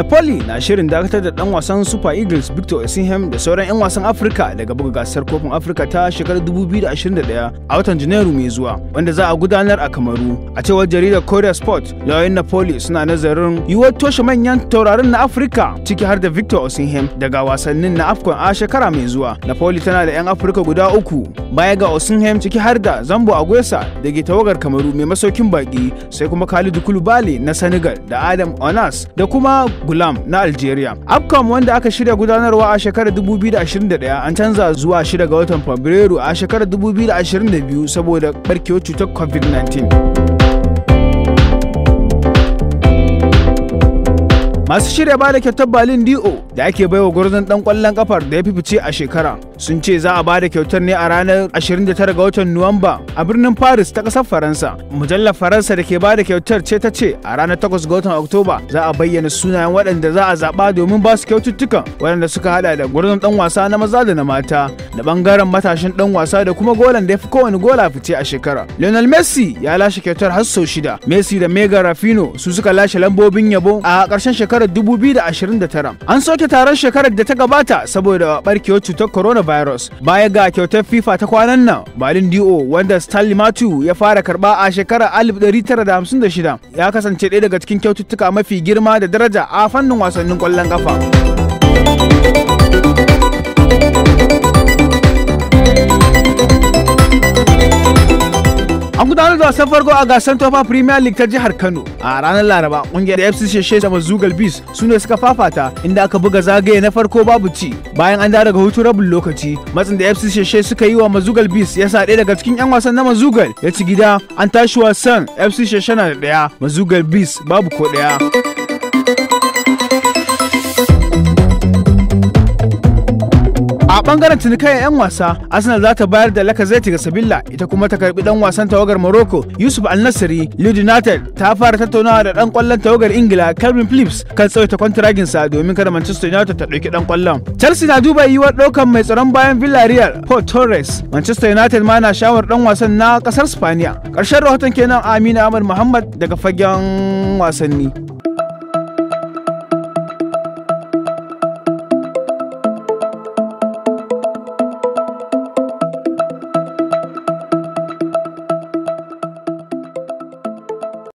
Napoli na shirin dakatar da dan wasan Super Eagles Victor Osimhen da sauran 'yan wasan Afirka daga buga gasar kofin Afirka ta shekarar 2021 a watan Janairu mai zuwa wanda za a gudanar a Kamaru. A cewar jaridar Korea Sport, lauyoyin Napoli suna nazarin yiwuwar toshe manyan taurarin na Afirka ciki har da Victor Osimhen daga wasannin na Afcon a shekara mai zuwa. Napoli tana da 'yan Afirka guda uku baya ga Osimhen ciki har da Zambo Agwesa da ke tawagar Kamaru mai masaukin baki sai kuma Khalidu Kulubali na Senegal da Adam Onas da kuma Gulam na Algeria. AFCON wanda aka shirya gudanarwa a shekarar 2021 an canza zuwa shida ga watan Fabrairu a shekarar 2022 saboda barkewar cutar COVID-19. masu shirya ba da kyautar balin o da ake bai wa gwarzon dan kwallon kafar da ya fice a shekara sun ce za a ba da kyautar ne a ranar 29 ga watan nuwamba a birnin paris ta kasar faransa mujallar faransa da ke bada kyautar ce ta ce a ranar 8 ga watan oktoba za a bayyana sunayen waɗanda za a zaɓa domin ba su kyaututtukan waɗanda suka hada da gwarzon dan wasa na maza da na mata da bangaren matashin dan wasa da kuma golan da ya fi kowane gola fice a shekara lionel messi ya lashe kyautar har sau shida messi da mega rafino su suka lashe lambobin yabo a ƙarshen shekara shekarar 2029. An soke taron shekarar da ta gabata saboda barkewar cutar coronavirus. Baya ga kyautar FIFA ta kwanan nan, Balin DO wanda Stanley Matu ya fara karba a shekarar 1956 ya kasance ɗaya daga cikin kyaututtuka mafi girma da daraja a fannin wasannin kwallon ƙafa. gudanar da wasan farko a gasar tofa premier league ta jihar kano a ranar laraba kungiyar fc sheshe da mazugal bis su ne suka fafata inda aka buga zagaye na farko babu ci bayan an da daga hutu rabin lokaci matsin da fc sheshe suka yi wa mazugal bis ya sa ɗaya daga cikin yan wasan na mazugal ya ci gida an tashi wasan fc sheshe na da ɗaya mazugal bis babu ko ɗaya. A bangaren cinikayen 'yan wasa, Arsenal za ta bayar da Lacazette ga Sabilla, ita kuma ta karbi dan wasan tawagar Morocco, Yusuf Al-Nassri. Leeds United ta fara tattaunawa da dan kwallon tawagar Ingila, Calvin Phillips, kan tsawaita kwantiragin sa domin kada Manchester United ta dauki dan kwallon. Chelsea na duba yiwuwar daukan mai tsaron bayan Villarreal, Paul Torres. Manchester United ma na shawar dan wasan na kasar Spaniya. Karshen rahoton kenan Amina Ahmad Muhammad daga fagen wasanni.